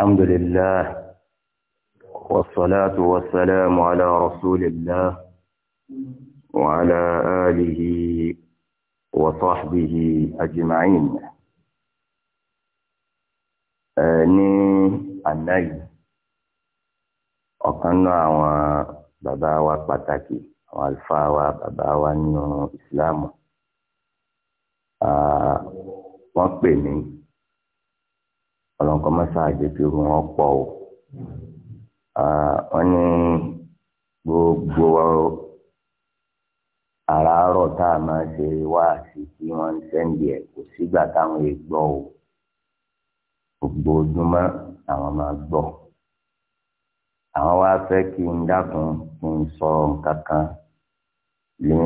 الحمد لله والصلاة والسلام على رسول الله وعلى آله وصحبه أجمعين ní àná yìí ọ̀kan náà àwọn bàbá wa pàtàkì àwọn àlùfáà wa bàbá wa nínú ìsìláàmù wọ́n pè mí ọlọ́nkọ́ mọ́sá àjẹkí irú wọn pọ̀ o wọ́n ní gbogbo àràárọ̀ tá a máa ṣe wá sí kí wọ́n ń sẹ́ndì ẹ̀ kò sígbà táwọn yìí gbọ́ o gbogbo ojúmọ́ àwọn máa gbọ́ àwọn wá fẹ́ kí n dákun kí n sọ nǹkan kan ní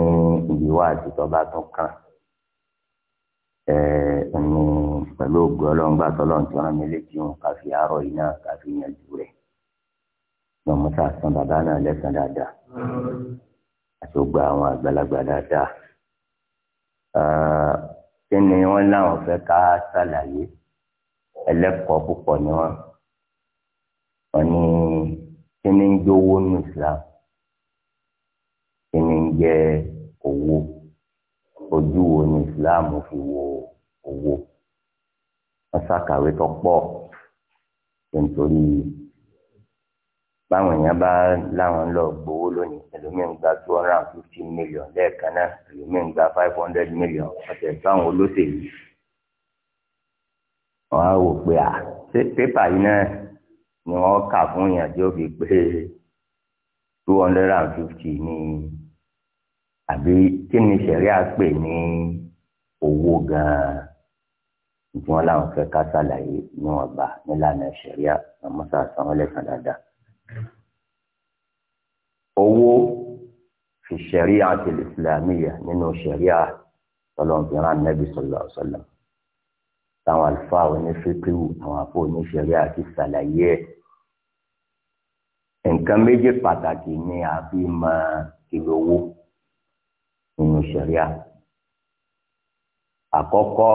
ìdíwọ́ àti tọ́ba tó kàn ẹ̀ẹ́dùn pẹ̀lú ògùn ọlọ́ngbà tọ́lọ́n tí wọ́n mi létí wọn ká fi àárọ̀ yìí náà ká fi yanjú rẹ̀ lọ́n mú sàtún bàbá náà lẹ́sàn dáadáa àti ògbà àwọn àgbàlagbà dáadáa. kí ni wọ́n láwọn fẹ́ ká ṣàlàyé ẹlẹ́kọ̀ọ́ púpọ̀ ni wọ́n wọ́n ní kí ni ń jẹ́ owó Islam kí ni ń jẹ́ owó ojú wo ni Islam fi wo owó wọ́n ṣàkàwé tó pọ̀ nítorí báwọn èèyàn bá láwọn lọ gbowó lónìí ẹlòmíín gba two hundred and fifty million lẹ́ẹ̀kan náà ẹlòmíín gba five hundred million ọ̀sẹ̀ báwọn olóṣèlú wọ́n á wò pé à ṣé pépà yìí náà ni wọ́n kà fún yàn tí ó fi pé two hundred and fifty ni àbí kí ni sẹ̀ríà pè ní owó gan-an ìgbọ́n láwọn fẹ́ ká ṣàlàyé níwọ̀nba nílànà ṣẹ̀ríà àmọ́sà sanwó lẹ́sàn dáadáa. owó fi ṣẹ̀ríà àti ìsìlámìyà nínú ṣẹ̀ríà tọ́lọ́mùbìnrin anábì sọ̀lọ̀ sọ̀lọ̀ táwọn àlùfáà onífíkìwù àwọn àfọ oníṣẹ̀ríà ti ṣàlàyé ẹ̀ nǹkan méjì pàtàkì ni a fi máa ìlówó nínú ṣẹ̀ríà àkọ́kọ́.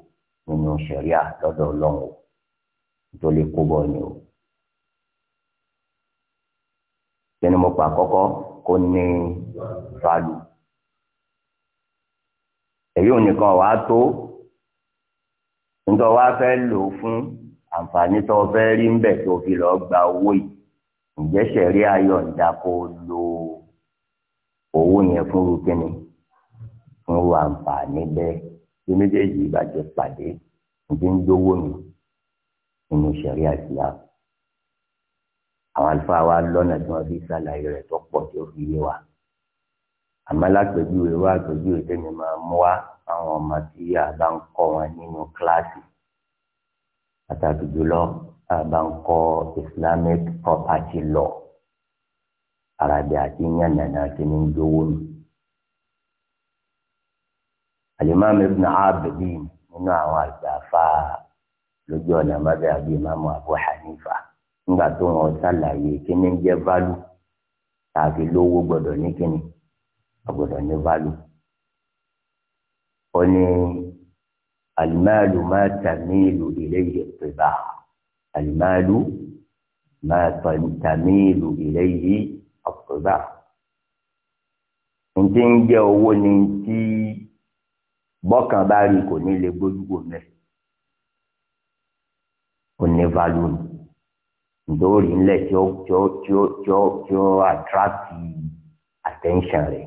nínú ṣẹ̀ríà lọ́dọ̀ ọlọ́run o tó lè kó bọ́ ni o. kíni mo pa àkọ́kọ́ kó ní fàlù. èyí ò nìkan wàá tó nítorí wàá fẹ́ lò ó fún àǹfààní tó o fẹ́ rí ńbẹ̀ tó fi lọ́ọ́ gba owó yìí ǹjẹ́ ṣẹ̀ríà yọ̀ǹda kó lo owó yẹn fún irú kíni fún irú àǹfààní bẹ́ẹ̀ tí méjèèjì ìbàjẹ́ pàdé ìdí ń dówó ni nínú sẹ̀rí àìsílá àwọn àlùfáà wa lọ́nà tí wọ́n fi ṣàlàyé rẹ̀ tó pọ̀ tí ó fi yé wa àmọ́ lápèjúwe wa àpèjúwe tẹ́mi máa mú wa àwọn ọmọ tí a bá ń kọ́ wọn nínú kíláàsì pàtàkì jùlọ a bá ń kọ́ Islamic property law àràbẹ̀ àti yànnànà kí ni ń dówó ni alimami ibn abidin nínú àwọn àgbàfà lójú ọ̀nà madhabi imamu abu hanifa nígbà tó wọn ṣàlàyé kíní jẹ́ válù tàbí lówó gbọdọ̀ ní kíní gbọdọ̀ ní válù. ó ní alimáàlú máa tàmíìlù ilayhi at-tibaa máa tàmíìlù ilayhi at-tibaa. ń jẹ́ owó ni tí bọ́kàn bá rí kò ní lè gbójúgbò mẹ́ kò ní value ni ìdóòrí ńlẹ̀ tí ó tí ó tí ó tí ó tí ó attract attention rẹ̀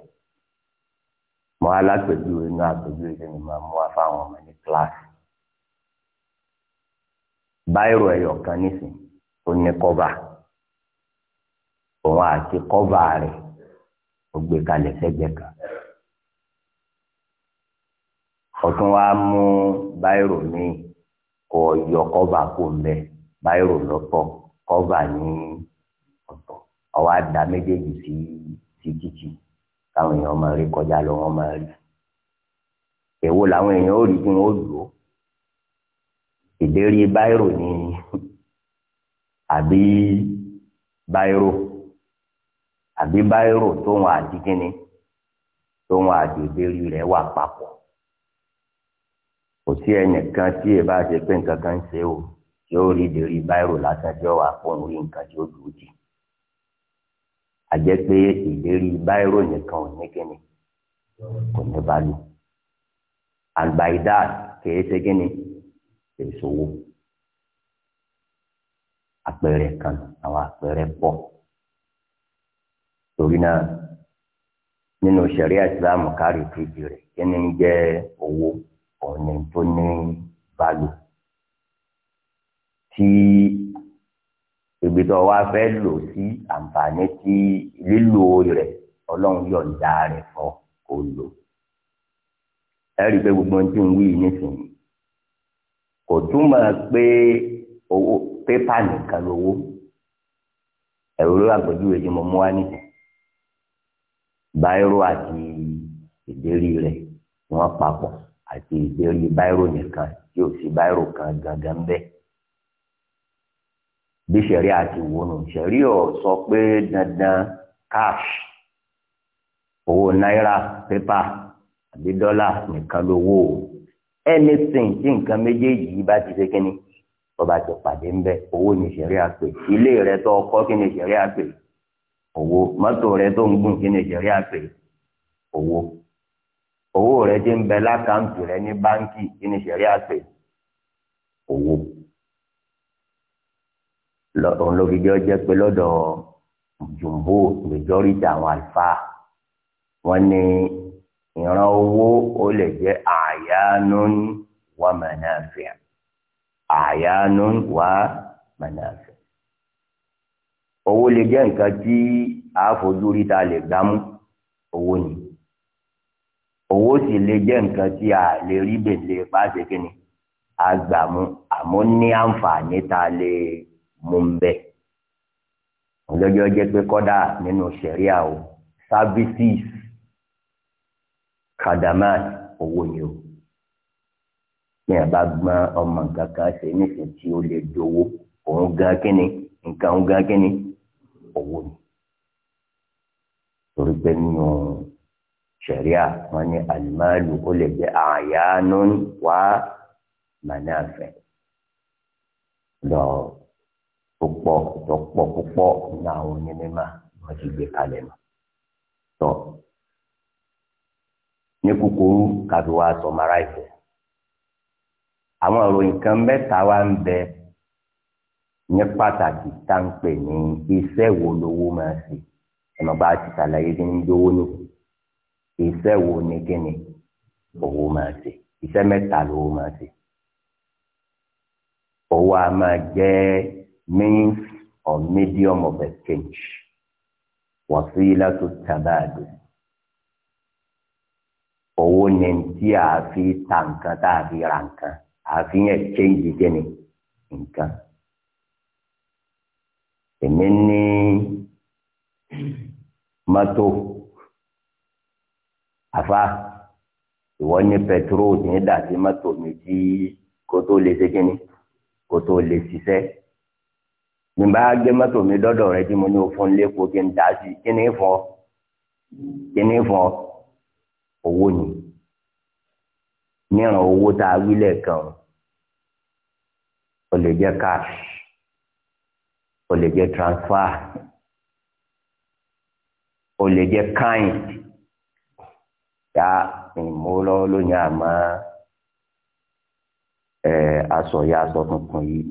mọ alápèjúwe náà àpèjúwe tí mo máa mú wá fáwọn ọmọ ní kíláàsì báírò ẹyọ kan nísìnyí ó ní kọ́bà òun àti kọ́bà rẹ̀ ó gbé kalẹ̀ sẹ́gbẹ̀ẹ́ kan. ọtún wa mú báírò mi kọ yọ kọ́va kó mbẹ báírò lọ́tọ̀ kọ́va ní ọ̀tọ̀ ọwọ́ àdá méjèèjì sí sí títì káwọn èèyàn máa rí kọjá lọ wọn máa rí èwo làwọn èèyàn ó rí kí wọn ó lò ó ìdérí báírò ni àbí báírò àbí báírò tóun àti kíni tóun àti ìdérí rẹ̀ wà papọ̀. sí ẹnìkan tí ẹ bá ṣe pé nǹkan kan ń ṣe o tí ó rí ìdérí báírò lásán tí ó wà fún orí nǹkan tí ó dùn jì àjẹ́ pé ìlérí báírò nìkan ò ní kíni kò ní bá lù àgbàyídá kìí ṣe kíni kìí ṣòwò àpẹẹrẹ kan àwọn àpẹẹrẹ pọ̀ torí náà nínú ṣẹ̀ríà ìsìlámù kárí kejì rẹ̀ kíni ń jẹ́ owó ọ̀nà tó ní balù tí ibi tó wá fẹ́ lò sí àǹfààní tí lílo rẹ̀ ọlọ́run yọ̀ǹda rẹ̀ fún kò lò ẹ rí i pé gbogbo ohun tí ń wí nísìnyí kò túmọ̀ pé owó pépà nìkan lówó ẹ̀rọ ló àgbẹ̀júwe tí mo mú wá nìkan báírò àti ìdérí rẹ̀ wọ́n papọ̀ àti ìbéèrè báírò nìkan tí ò sí báírò kan gangan bẹ́ẹ̀. bí sẹ̀rí àti wónú sẹ̀rí ọ̀ sọ pé dandan cash owó náírà pépà àbí dọ́là nìkan lówó o anything tí nǹkan méjèèjì yìí bá ti ṣe kínní bọ́ba ti pàdé ń bẹ owó ní sẹ̀rí àpè ilé rẹ tó kọ́ kí ni sẹ̀rí àpè owó mọ́tò rẹ tó ń gùn kí ni sẹ̀rí àpè owó owó rẹ ti ń bẹ lákàntì rẹ ní báńkì kí ni sẹ̀rí àpè owó òun ló fi jẹ́ ọjẹ́ pé lọ́dọ̀ jùmbó majority àwọn àlùfáà wọ́n ní ìran owó ó lè jẹ́ àyánún wa manafi' àyánún wa manafi' owó lè jẹ́ nǹkan tí àfojú ríta lè gbámú owó ni owó sì lè jẹ́ nǹkan tí a lè rí bèlè pàṣẹ kínní agbàmú àmọ́ ní àǹfààní tá a lè mú un bẹ́ẹ̀. lọ́jọ́ jẹ́ pé kọ́dà nínú sẹ̀ríà o services kadamat owó ni o ní ẹ̀ bá gbọ́n ọmọ nǹkan kan ṣe nísìnyí tí ó lè dowó òun gan kínní nǹkan òun gan kínní owó ni torí pé nínú ṣẹ̀ríà wọn ní àlùmáàlù ó lè jẹ́ àyánú wá mànáfẹ́ lọ púpọ̀ tó pọ̀ púpọ̀ ní àwọn onímọ̀ wọn ti gbé kalẹ̀ mọ́ tọ́ ní kúkúrú kàbí wàá sọmara ìfẹ́ àwọn ìròyìn kan mẹ́ta wá ń bẹ ní pàtàkì tá ní iṣẹ́ wo lówó máa ṣe ẹ̀mọ́ ti ṣàlàyé bí ń nìkú iṣẹ́ wo ni kíni owó máa ṣe iṣẹ́ mẹ́ta lówó máa ṣe owó a máa jẹ́ means or medium of exchange wasilatu tabadul owó ni tí a fi ta nǹkan tá a fi ra nǹkan a fi ń exchange kíni nǹkan èmi ní mọ́tò àfa ìwọ ní petrol ní dàtí mọ́tò mi tí kò tó lè ṣe kíni kò tó lè ṣiṣẹ́ ní bá gbé mọ́tò mi dọ́dọ̀ rẹ tí mo ní o fún lépo kí n dà sí kí ni fọ kí ni fọ owó ni níran owó tá a wí lẹ́ẹ̀kan o lè jẹ́ cash o lè jẹ́ transfer o lè jẹ́ kind yá ìmúlọ lóyún àmọ́ ẹ aṣọ ya aṣọ tuntun yìí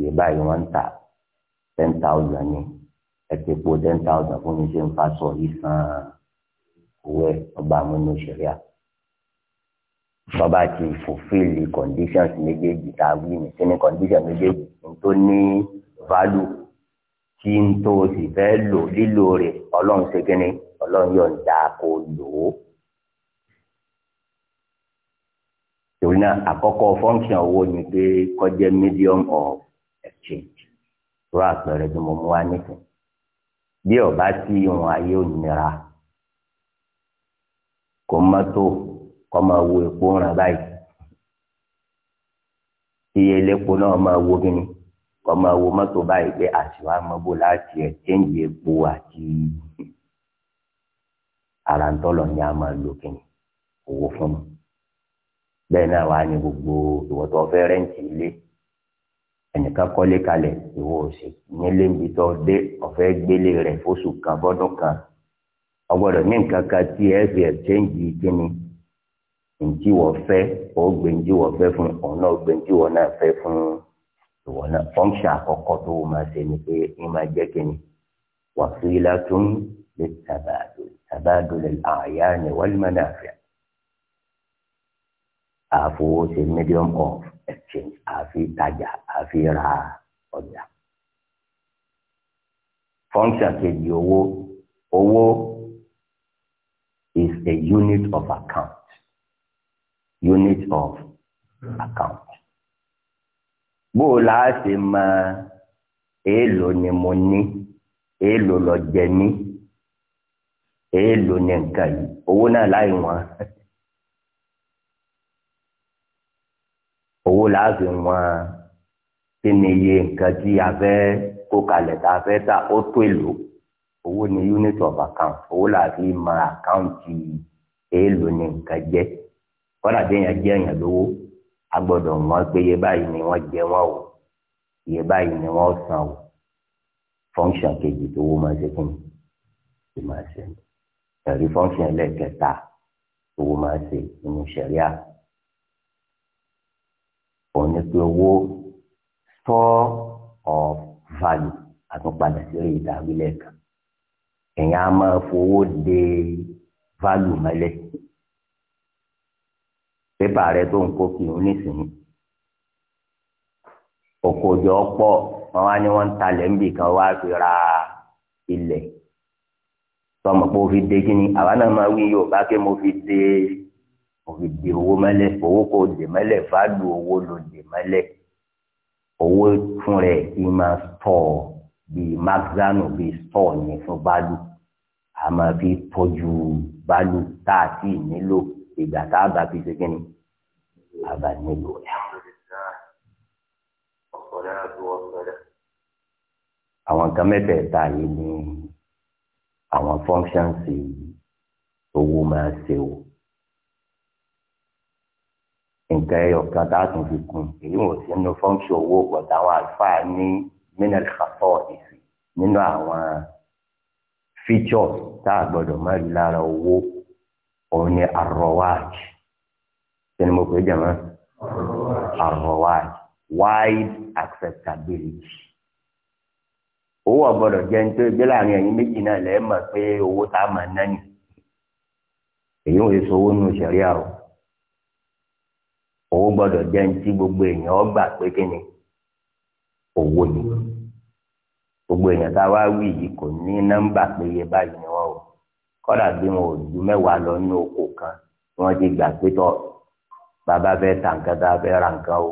yìí báyìí wọ́n ń ta ten thousand ni ẹ ti po ten thousand fún mi ṣe ń fa aṣọ yìí san owó ẹ ọba àmúnú ṣẹlẹ̀ bàbá ti fulfil the conditions méjèèjì tá a wí ní kíni conditions méjèèjì tó ní value tí n tó sì fẹ́ lò lílò rẹ̀ ọlọ́run ṣe kíni ọlọ́run yóò ń lò ó torí náà àkọ́kọ́ function owó ni pé kó jẹ́ medium of exchange tó àpẹẹrẹ tí mo mú wá nìkan bí ọba tí ìwọn ayé ò nira kò mọ́tò kó máa wo epo ń ràn báyìí iye elépo náà máa wo kíni kó máa wo mọ́tò báyìí pé àṣìwá máa bò láti ẹ̀ epo àti àràǹtọ́lọ̀ ni a máa lò kíni owó fún mi bẹ́ẹ̀ náà wà ní gbogbo ìwọ tó fẹ́ rẹ́ǹtì ilé ẹnìkan kọ́lé kalẹ̀ ìwọ òsì nílé ibi tó dé ọ̀fẹ́ gbélé rẹ̀ fóṣù kan bọ́dún kan ọgbọ́dọ̀ ní nǹkan kan tí ẹ fi ẹ̀ṣẹ́ǹjì kíni ǹjí wọ́n fẹ́ ó gbé ǹjí wọ́n fẹ́ fún òun náà gbé ǹjí wọ́n náà fẹ́ fún ìwọ náà fọ́nṣà àkọ́kọ́ tó o máa ṣe ni pé ń máa jẹ́ kíni wàsílà tún lè tàbádùn tàbádùn àyà ni wal manafi' àfowó ṣe medium of exchange àfi tajà àfi ra ọjà. function kejì owó owó is a unit of account unit of account. bó o la ṣe mọ èèlò ni mo ní èèlò lọ jẹ ní èèlò ní nǹkan yìí owó náà láì wọ́n. owó láàfin wọn kí ni iye nǹkan tí a fẹ́ kó kalẹ̀ tá a fẹ́ ta ó tó èlò owó ni unit of account owó láàfin ma àkáǹtì èèlò ni nǹkan jẹ́ kọ́lá déèyàn jẹ́ èèyàn lówó a gbọ́dọ̀ wọ́n pé iye báyìí ni wọ́n jẹ wọ́n o iye báyìí ni wọ́n san o function kejì tó wó máa ṣe fún mi kí máa ṣe ẹ̀rí function ẹlẹ́kẹta tó wó máa ṣe nínú sẹ̀ríà yẹn pé owó store of value àtúnpadà sí orí ìdàgbé lẹ́ẹ̀kan èèyàn á máa fowó de value mẹ́lẹ̀ pépà rẹ tó ń kó kí n nísìnyí òkòjọ pọ̀ wọn wá ní wọn ń talẹ̀ ń bì kan wá fi ra ilẹ̀ tọmọ pé ó fi de kí ni àwa náà máa wí yóò bá ké mo fi de òfi di owó mẹ́lẹ̀ owó kò dè mẹ́lẹ̀ fàálù owó ló dè mẹ́lẹ̀ owó fún rẹ̀ kí máa stọ̀ bíi magzano bíi stọ̀ ní fún báàlù a máa fi tọ́jú báàlù tá a ti nílò ìgbà tá a bá fi ṣe kí ni a bá nílò rẹ̀. àwọn nǹkan mẹ́tẹ̀ẹ̀ta yìí ni àwọn fọ́nṣánsì owó máa ṣe o nǹkan ẹyọ kan tá a tún fi kún èyí wọn ò sí nínú fọ́ńṣọ owó ọ̀gbọ̀dá àwọn àlùfáà ní mineral factor ìsìn nínú àwọn features tá a gbọ́dọ̀ má rí lára owó òun ni arrowaj kí ni mo pè é jẹ̀mọ́ arrowaj wide acceptability owó ọ̀gbọ́dọ̀ jẹ́ nítorí gbé láàrin ẹ̀yin méjì náà lẹ́ẹ̀ pé owó tá a máa ná nì èyí wọn èso owó nù sẹ̀ríà o owó gbọ́dọ̀ jẹ́ ní tí gbogbo èèyàn gbà pé kí ni owó ni gbogbo èèyàn tá a wá wí yìí kò ní nọ́mbà pé iye báyìí ni wọ́n o kódà bí wọn ò ju mẹ́wàá lọ nínú oko kan wọ́n ti gbà pé tọ́ bàbá fẹ́ ta nǹkan tá a fẹ́ ra nǹkan o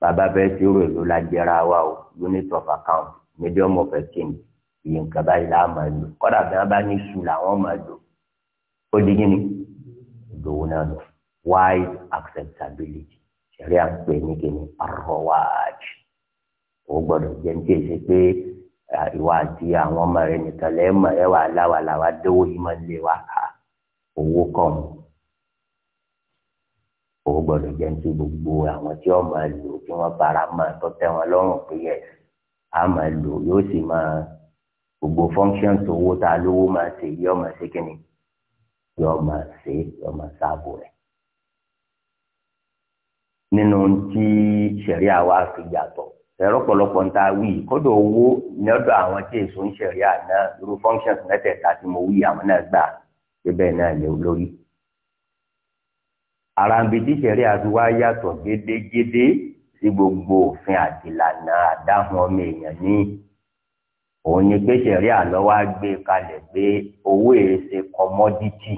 bàbá fẹ́ ṣírò èlò la jẹra wa o unit of account medium of exchange iye nǹkan báyìí la máa lò kódà bí wọ́n bá ní sùn làwọn máa lò ó di kí ni ìdòwò náà lọ wide acceptability ṣẹ̀rí àpè ní kíni arrowaj o gbọ́dọ̀ jẹ́ ní tẹ̀sí pé ìwà àti àwọn ọmọ rẹ nìkan lẹ́ẹ̀mọ̀ ẹ wà láwa làwa dówó yìí máa ń lé wa ká owó kàn o gbọ́dọ̀ jẹ́ ní tí gbogbo àwọn tí wọ́n máa lò kí wọ́n fara mọ́ tó tẹ́ wọn lọ́rùn pé yẹ a máa lò yóò sì máa gbogbo functions owó tá a lówó máa ṣe yọ máa ṣe kíni yọ máa ṣe yọ máa ṣáàbò rẹ̀ nínú tí sẹ̀ríà wa fi yàtọ̀ ẹ̀rọ pọ̀lọpọ̀ ń ta wí kọ́dọ̀ owó lọ́dọ̀ àwọn tí èso ń sẹ̀ríà náà irú functions mẹ́tẹ̀ẹ̀ta tí mo wí àwọn náà gbà síbẹ̀ náà lè lórí. àràǹbí tí sẹ̀ríà fi wá yàtọ̀ gédégédé sí gbogbo òfin àtìlànà àdáhùn ọmọ èèyàn ní òun ni pé sẹ̀ríà ló wá gbé kalẹ̀ pé owó èèṣe commodity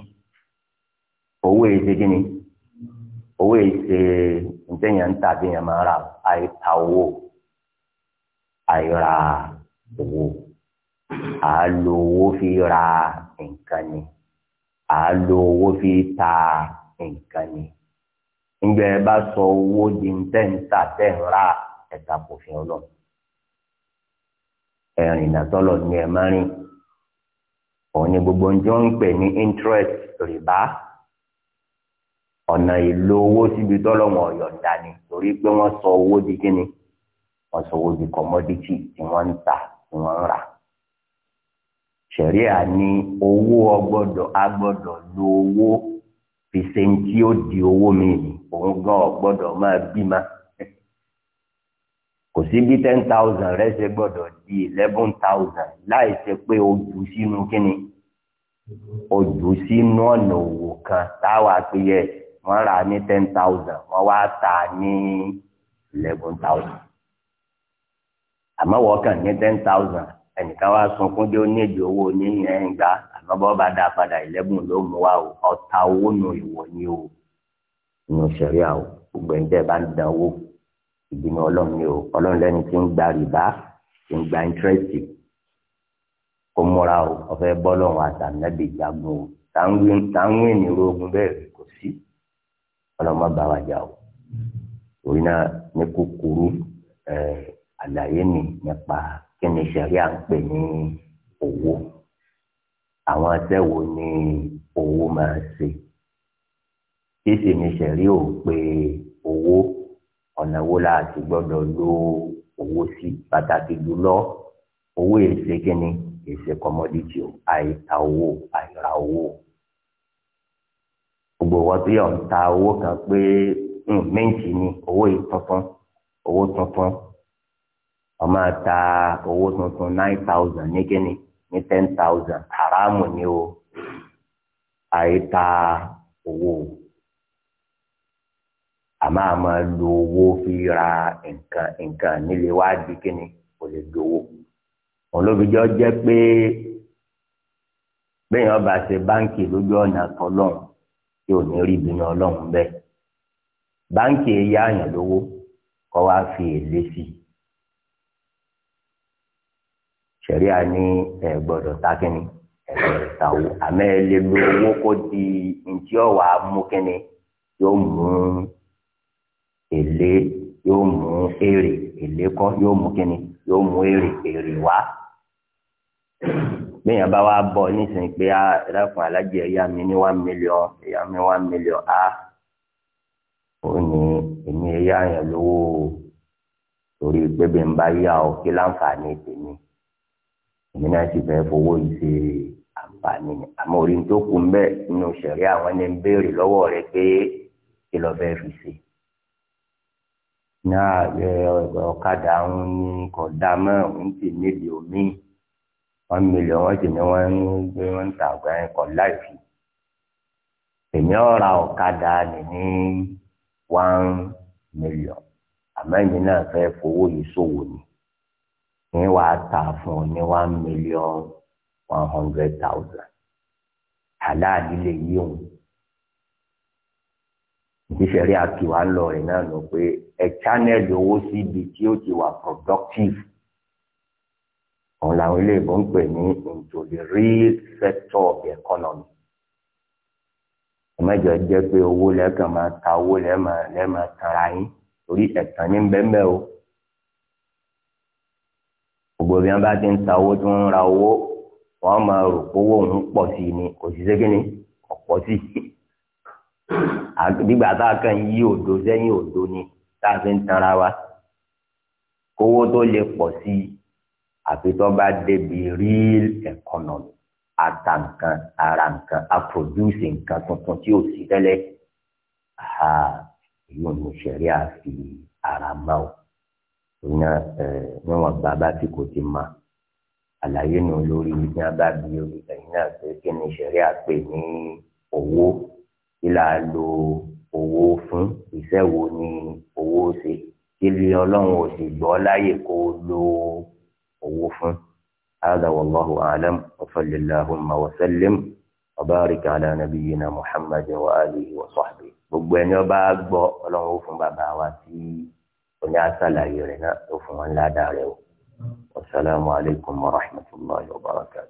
owó èèṣe kí ni owó ìṣe ntẹ̀yàn ń tà bí yẹn máa ra àìta owó àìra owó à á lo owó fi ra nǹkan ni à á lo owó fi ta nǹkan ni ǹgbẹ́ ẹ bá sọ owó di ntẹ̀ǹtà tẹ̀ ń ra ẹ̀ta kò fi ọ lọ ẹ̀rìn ìdásọ́lọ̀ ni ẹ̀ máa rìn òun ni gbogbo ń jọ ń pè ní interest rìbá ọ̀nà ìlò owó síbi tọ́lọ́wọ̀n ọ̀yọ̀ǹda ni torí pé wọ́n sọ owó di kíni wọ́n sọ owó di commodity tí wọ́n ń tà tí wọ́n ń rà. ṣẹ̀ríà ni owó ọgbọ́dọ̀ agbọ́dọ̀ lo owó fi ṣe ń tí ó di owó mi ni òun gan ọgbọ́dọ̀ máa bímọ. kò sí bí ten thousand rẹ ṣe gbọ́dọ̀ di eleven thousand láì ṣe pé o jù sínú kíni o jù sínú ọ̀nà òwò kan táwa pé yẹ wọ́n rà ní ten thousand wọ́n wá tà ní eleven thousand àmọ́ wọ́n kàn ní ten thousand ẹnìkan wá sunkún dé ó ní èdè owó ní ẹ̀ǹgbá àmọ́ bọ́ bá dá padà eleven ló mú wa o ọ̀ta owó nù ìwọ̀ ni o ní òṣèré àwọ̀ gbogbo ẹ̀ ń tẹ́ bá ń dán owó ìgbìmọ̀ ọlọ́run ni o ọlọ́run lẹ́ni tí ń gba rìbá tí ń gba íńtírẹ́sì kó múra o ọ̀fẹ́ bọ́lọ́run àtàlẹ́bí jagun o táwọn ènìyàn ogun bẹ́ẹ̀ kò sí ọlọ́mọ bá wa jà o torí náà ní kúkúrú àlàyé mi nípa kí ni sẹ̀ríà ń pè ní owó àwọn atẹ́wò ni owó máa ṣe kí sì ni sẹ̀ríà ò pé owó ọ̀nà wo la ti gbọ́dọ̀ lo owó sí pàtàkì jùlọ owó èsè kínní èsè kọmọdítì àìta owó àìra owó gbogbo wọn tó yọ ń ta owó kan pé mẹ́ǹtì hmm, ni owó yìí tuntun owó tuntun wọ́n máa ta owó tuntun nine thousand ní kíni ní ten thousand haramu ni o àìta owó àmọ́ àmọ́ lo owó fi ra nǹkan nǹkan nílé wá di kíni kò lè gbowó òun ló fi jẹ́ pé bẹ́ẹ̀ yẹn ọba ṣe báńkì lójú ọ̀nà tọ́lọ́run tí ò ní rí ìbínú ọlọ́run bẹ́ẹ̀ báńkì ẹ̀yà àyàn lówó kọ́ wá fi èlé sí i a ní ẹ̀ gbọ́dọ̀ ẹ̀ gbọ́dọ̀ ẹ lo owó kó di ntí ọ̀wà amúkínni yóò mú èlé yóò mú èrè èlé kọ́ yóò mú kínni yóò mú èrè èrè bẹ́ẹ̀ bá wa bọ̀ nísìnyí pé a ah, ẹ̀dàkùn alájẹ ẹ̀yà mi ní one million ẹ̀yà mi one million a ah, ó ní èmi ẹ̀yà yẹn lówó torí pé bí n bá yá o kí láǹfààní tèmi èmi náà sì fẹ́ fowó yìí ṣe àǹfààní ni àmọ́ orí tó kù ń bẹ̀ nínú ṣẹ̀rí àwọn ẹni ń béèrè lọ́wọ́ rẹ pé kí lọ́ọ́ fẹ́ fi ṣe náà ọ̀kadà ń kọ̀ dá mọ́ ń tì nídìí omi one million wọ́n sì ní wọ́n ń gbé wọ́n ń ta àgbà yẹn kọ̀ láìsí. èmi ọ̀ra ọ̀kadà ni ní one million àmọ́ èmi náà fẹ́ fowó yìí ṣòwò ni ní wàá tà fún un ní one million one hundred thousand aláàdí lè yí òun ìṣẹ̀rí àtiwá ń lọ rẹ̀ náà lọ pé ẹ̀ chánẹ́ẹ̀lì owó síbi tí ó ti wà productive òun làwọn iléèbó ń pè ní into the real sector of the economy ìmọ̀jọ jẹ́ pé owó lẹ́ẹ̀kan máa ta owó lẹ́ẹ̀ma tanra yín torí ẹ̀tàn ní bẹ́ẹ̀ o gbogbo bí wọn bá ti ń ta owó tí wọn ń ra owó wọn máa rò pówó òun pọ̀ sí i ni kò sí sékìní ọ̀pọ̀ sí i nígbà tá a kàn yí òdo sẹ́yìn òdo ni tá a fi ń tanra wa kówó tó lè pọ̀ sí i àfi tó bá débi real economy ata nǹkan ara nǹkan a produce nǹkan tuntun tí ò sí tẹ́lẹ̀ yóò ní sẹ̀rí àfi ara mọ́ o ìyẹn níwọ̀n bàbá tí kò ti mọ̀ àlàyé nù lórí ní abábí orí ẹ̀yìn náà pé kí ni sẹ̀rí àpè ní owó kí là á lo owó fún iṣẹ́ wo ni owó ṣe kí lé ọlọ́run ò sì gbọ́ láyè kó lo owó fún هذا والله أعلم وصل اللهم وسلم وبارك على نبينا محمد وآله وصحبه gbogbo ẹni ọba gbọ́ Ọlọ́run ó fún bàbá wa tí oní àṣàlàyé rẹ̀ náà ó fún wọn ládàá rẹ̀ o wasalaamualeykum wa rahmatulahi wa barakatu.